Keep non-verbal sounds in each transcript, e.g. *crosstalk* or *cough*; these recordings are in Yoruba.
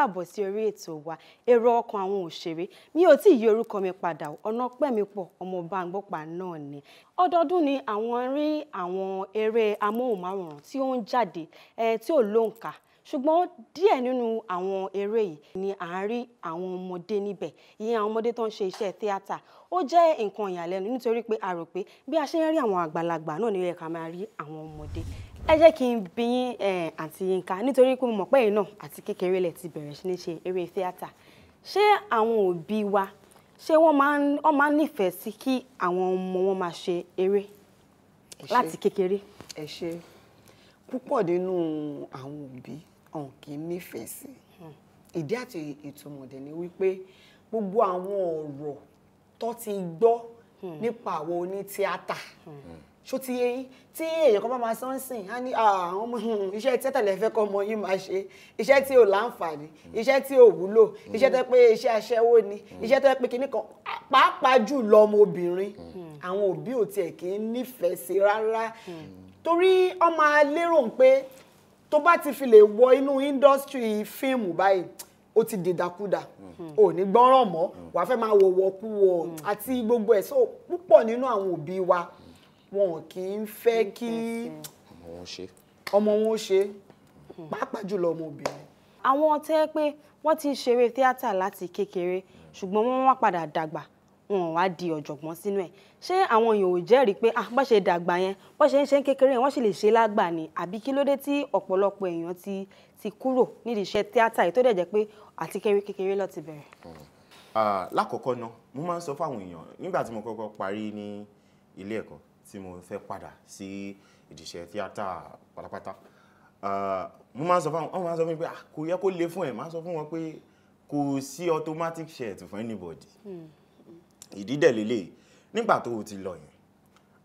káàbọ̀ sí orí ètò wa èrò ọkàn àwọn òṣèré mi ò tí ì yí orúkọ mi padà ọ̀nà pẹ̀mí pọ̀ ọmọ báńgbọ́pà náà ni ọdọọdún ni àwọn rí àwọn eré amóhùnmáwòrán tí ó ń jáde tí ò lóǹkà ṣùgbọ́n díẹ̀ nínú àwọn eré yìí ni à ń rí àwọn ọmọdé níbẹ̀ ìyẹn àwọn ọmọdé tó ń ṣe iṣẹ́ tíátà ó jẹ́ nǹkan ìyàlẹ́nu nítorí pé a rò pé bí a ṣe ń rí àwọn àgbàlagbà náà ni ó ká máa rí àwọn ọmọdé ẹ jẹ́ kí n bi yín àǹtí Yínká nítorí pé mo mọ̀ pé ẹ̀yin náà àti kékeré lẹ̀ ti bẹ̀rẹ̀ sí ní ṣe eré tíátà ṣé àwọn òbí wa ṣé wọ́n máa ń nífẹ̀ẹ́ sí kí àwọn ọmọ wọn máa ṣe eré láti kékeré. ẹ ṣe púpọ̀ nínú àwọn òbí ọ̀hún kì í nífẹ̀ẹ́ sí hmm. ìdí àti ìtumọ̀ dẹ̀ ni wípé gbogbo àwọn ọ̀rọ̀ tó ti gbọ́ hmm. nípa àwọn onítíátà. Hmm ṣó ti yé yín tí èèyàn kan bá máa sán sìn á ní àwọn ọmọ hmm, iṣẹ́ tí tẹ̀lé fẹ́ kọ́ ọmọ yín máa ṣe iṣẹ́ tí ò láǹfààní iṣẹ́ tí ò wúlò iṣẹ́ tó pé iṣẹ́ aṣẹ́wó ni iṣẹ́ tó pé kinní kan pàápàá jù lọ ọmọbìnrin àwọn òbí ò tiẹ̀ kì í nífẹ̀ẹ́ sí rárá torí ọmọ alérò pé tó bá ti fi lè wọ inú indọ́sítírì fíìmù báyìí ó ti dìdàkudà ò ní gbọ́ràn mọ́ wàá fẹ́ máa wọ̀wọ̀ kú wọ̀ àti gbogbo ẹ̀ so púpọ̀ nínú àwọn òbí wa. Mm wọn kì í fẹ́ kí ọmọ wọn ó ṣe pàápàá jùlọ ọmọbìnrin. àwọn tẹ́ pé wọ́n ti ṣeré tíátà láti kékeré ṣùgbọ́n wọ́n wá padà dàgbà wọn wá di ọ̀jọ̀gbọ́n sínú ẹ̀ ṣé àwọn èèyàn ò jẹ́rìí pé ah bá ṣe dàgbà yẹn bá ṣe ń ṣe ń kékeré yẹn wọ́n sì lè ṣe lágbà ni àbí kí ló dé tí ọ̀pọ̀lọpọ̀ èèyàn ti ti kúrò nídìí iṣẹ́ tíátà yìí tó dẹ̀ jẹ́ pé àti kékeré ló ti bẹ̀rẹ̀. Hmm. Ah, lákọ̀ọ́kọ́ náà mo máa ń sọ fáwọn èèyàn nígbà tí mo kọ́kọ́ parí ní ilé ẹ̀kọ́ tí mo fẹ́ padà sí ìdíṣẹ́ tíátà pátápátá ah, mo máa ń sọ fún wọn máa ń sọ fún mi pé ah, kò yẹ kó le fún ẹ máa ń sọ fún wọn pé kò sí automatic shirt for anybody hmm. ìdí lélẹ̀ nígbà tó o ti lọ yẹn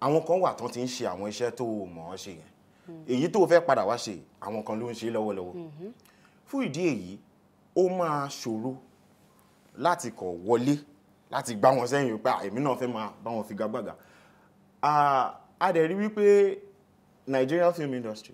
àwọn kan wà tán ti ń ṣe àwọn iṣẹ́ tó o mọ̀ ọ́ ṣe yẹn hmm. èyí tó o fẹ́ padà wá ṣe àwọn kan ló ń ṣe lọ́wọ́lọ́wọ́ hmm. fún ìdí èyí ó máa ṣòro láti kọ̀ wọlé láti gbá wọn sẹ́yìn pé ah, èmi náà fẹ́ máa bá wọn figagbága a dẹ̀ rí wípé Nigeria film industry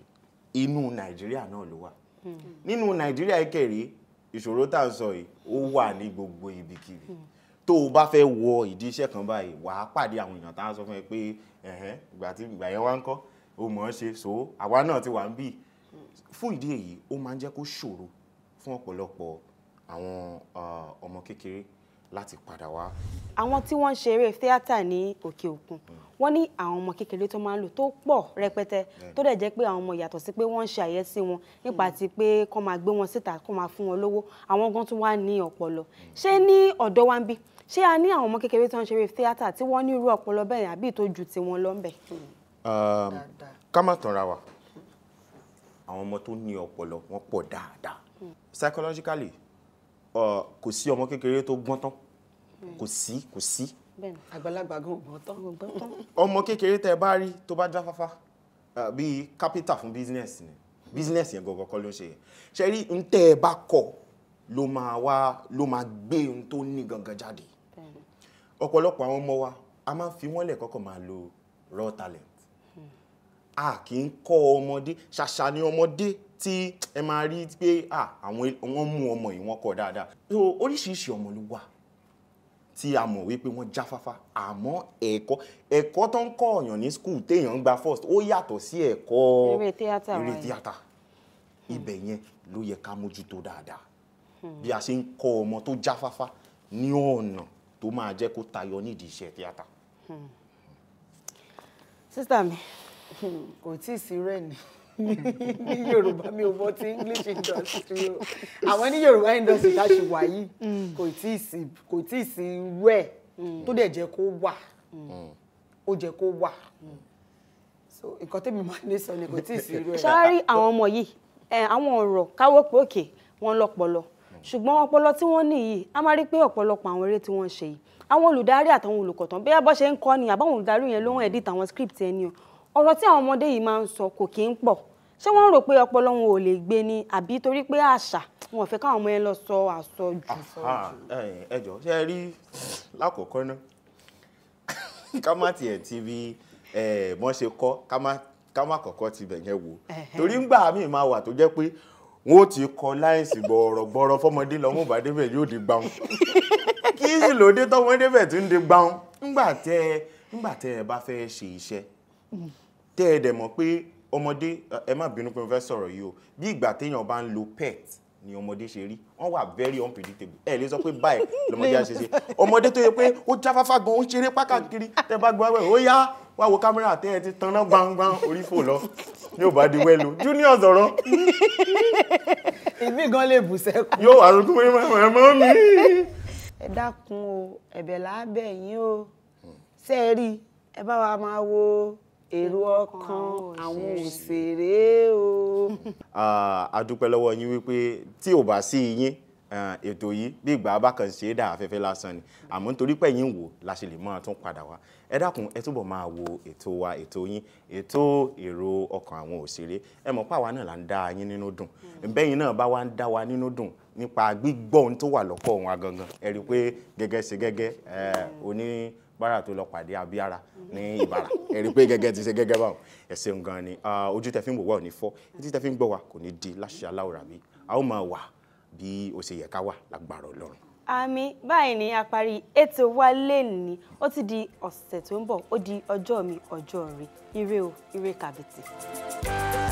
inú Nigeria náà ló wà hmm. nínú Nigeria ìkẹrẹ ìṣòro tá à ń sọ yìí ó wà ní gbogbo ibikíbi hmm. tó o bá fẹ́ wọ ìdí iṣẹ́ kan báyìí wàá pàdé àwọn èèyàn tá à ń sọ fún ẹ pé ẹ̀hẹ́n ìgbà tí ìgbà yẹn wá ń kọ́ o mọ̀ ọ́n ṣe so àwa náà ti wà ń bì fún ìdí èyí ó máa ń jẹ́ kó ṣòro fún ọ̀pọ̀lọpọ̀ àwọn ọmọ kékeré láti padà wá. àwọn tí wọ́n ń ṣeré tíátà ní òkè òkun wọ́n ní àwọn ọmọ kékeré tó máa ń lò tó pọ̀ rẹpẹtẹ tó dẹ̀ jẹ́ pé àwọn ọmọ yàtọ̀ sí pé wọ́n ń ṣe àyẹ́sí wọn nípa ti pé kó máa gbé wọn síta kó máa fún wọn lówó àwọn gan tún wá ní ọpọlọ ṣé ní ọ̀dọ̀ wa ń bí ṣé a ní àwọn ọmọ kékeré tó ń ṣeré tíátà tí wọ́n ní irú ọpọlọ bẹ́ẹ̀ àbí tó ju tiwọn lọ ń bẹ̀. Ehm, ká má tanra wa àwọn ọmọ tó ní ọpọlọ wọn pọ̀ dáadáa psychologically kò sí ọmọ kékeré tó gbọ́n tán hmm. kò sí kò sí. àgbàlagbà gan gbọ́n tán. ọmọ kékeré tẹ bá rí tó bá jáfáfá bíi capital fún business ni business yẹn gọ̀gọ̀ kọ́ ló ń ṣe yẹn ṣe rí ń tẹ́ ẹ bá kọ̀ ló máa wá ló máa gbé ohun tó ní gangan jáde ọ̀pọ̀lọpọ̀ àwọn ọmọ wa a máa ń fi wọ́n lẹ̀ kọ́kọ́ máa lo raw talent hmm. a kì í kọ́ ọmọdé ṣàṣà ni ọmọdé tí ẹ máa rí pé àwọn wọ́n mú ọmọ yìí wọ́n kọ́ dáadáa so oríṣiríṣi ọmọ ló wà tí a mọ̀ wípé wọ́n jáfáfá àmọ́ ẹ̀kọ́ ẹ̀kọ́ tó ń kọ́ ọ̀yàn ní skul téèyàn ń gba first ó yàtọ̀ sí ẹ̀kọ́ eré tíátà eré tíátà ibẹ̀ yẹn ló yẹ ká mójútó dáadáa hmm. bí a ṣe ń kọ́ ọmọ tó jáfáfá ní ọ̀nà tó máa jẹ́ kó tayọ nídìí iṣẹ́ tíátà. Hmm. sísá mi *laughs* kò tí ì sí rẹ́ni ní yorùbá mi ò mọ ti english industry o àwọn ní yorùbá industry tá a ṣe wà yìí mm. kò tí ì sí kò tí ì sí irú ẹ̀ mm. tó dẹ̀ jẹ́ kó wà mm. ó jẹ́ kó wà so nǹkan tẹ́mi máa ní sọ ni kò tí ì sí irú ẹ̀. ṣáárí àwọn ọmọ yìí àwọn ọ̀rọ̀ káwọ́ pé òkè wọ́n lọ́pọlọ ṣùgbọ́n ọpọlọ tí wọ́n ní yìí a máa rí pé ọ̀pọ̀lọpọ̀ àwọn eré tí wọ́n ń ṣe yìí àwọn olùdarí àtàwọn olùkọ́ tán bí abọ́ ṣe ń kọ́ ni àbáwọn olùdarí yẹn ló ń edit àwọn script ẹni o ọ̀rọ̀ tí àwọn ọmọdé yìí máa ń sọ kò kí ń pọ̀ ṣé wọ́n rò pé ọpọlọ wọn ò lè gbé ni àbí torí pé àṣà wọn ò fẹ́ káwọn ọmọ yẹn lọ sọ àsọ jù. ẹ jọ ṣe rí lákòókò náà ká má tiẹ̀ ti bí wọ́n ṣe kọ́ ká má kọ́kọ́ ti bẹ̀ yẹn wò torí ńgbà míì máa wà tó jẹ́ pé wọn ò ti kọ láìsí gbọ̀rọ̀gbọ̀rọ̀ fọmọdé lọ wọn ò bá débẹ̀ yóò di gbàùn kí sì lóde tọmọdé bẹ̀ tún di gbàùn ńgbà tẹ ẹ bá fẹ́ ṣe iṣẹ́ tẹ ẹ dẹ̀ mọ̀ pé ọmọdé ẹ má bínú pé mo fẹ́ sọ̀rọ̀ yìí o bí ìgbà téèyàn bá ń lo pet ni ọmọdé ṣe rí wọn wà very unpredictable ẹ lè sọ pé báyìí lọmọdé á ṣe ṣe ọmọdé tó yẹ pé ó jáfáfá gan ó ṣeré pákàkiri tẹ bá gbọ́ ẹ ó yá wá wo kámẹ́rà tẹ́ ẹ ti tanná gbangban orí fò lọ ní ò bá di wẹ́lu junior sọ̀rọ̀. ìbí gan lè bù sẹ́kù. yóò wà lókun pé ẹ mọ́ mi. ẹ dákun o ẹ̀bẹ̀ làá bẹ̀ yín o ṣe ẹ bá wa máa wo èrò ọkàn àwọn òṣèré o. *laughs* a dúpẹ́ lọ́wọ́ yín wípé tí ò bá sí yín ètò yìí bí ìgbà bá kàn ṣe é dà afẹ́fẹ́ lásán ni àmọ́ nítorí pé wò la ṣe lè máa tún padà wá ẹ dákun ẹ túbọ̀ máa wo ètò wa ètò yín ètò èrò ọkàn àwọn òṣèré ẹ mọ̀ pé àwa náà là ń dá yín nínú dùn hmm. bẹ́yìn náà bá wá ń dá wa nínú dùn nípa gbígbọ́ tó wà lọ́kọ̀ wọn gangan ẹ rí i pé gẹ́gẹ́ ṣe gẹ́gẹ́ hmm. oní bára tó lọ pàdé abíára ní ìbára ẹ pé gẹ́gẹ́ ti ṣe gẹ́gẹ́ báwọn ẹ gan ni ojú tẹ fi ń wò ní fọ́ etí tẹ fi ń gbọ́ wa kò ní di láṣẹ aláwòrán mi a ó máa wà bí ó ṣe yẹ ká wà lágbára Ọlọ́run àmì báyìí ni a parí ètò wa lénìí ó ti di ọ̀sẹ̀ tó ń bọ̀ ó di ọjọ́ mi ọjọ́ rí ire o ire kàbìtì.